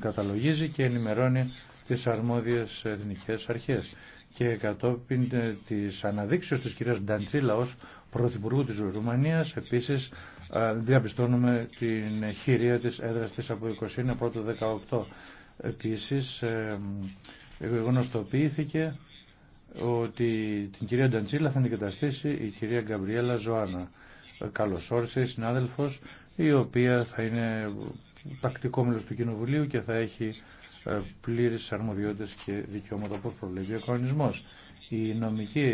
καταλογίζει και ενημερώνει τις αρμόδιες εθνικές αρχές. Και κατόπιν ε, της αναδείξεως της κυρίας Νταντσίλα ως Πρωθυπουργού της Ρουμανίας, επίσης ε, διαπιστώνουμε την χειρία της έδρας της από 21 πρώτο 18. Επίσης ε, γνωστοποιήθηκε ότι την κυρία Νταντσίλα θα αντικαταστήσει η κυρία Γκαμπριέλα Ζωάνα. Καλώς όρισε, συνάδελφος, η οποία θα είναι τακτικό μέλος του Κοινοβουλίου και θα έχει ε, πλήρες αρμοδιότητες και δικαιώματα όπως προβλέπει ο κανονισμός. Η νομική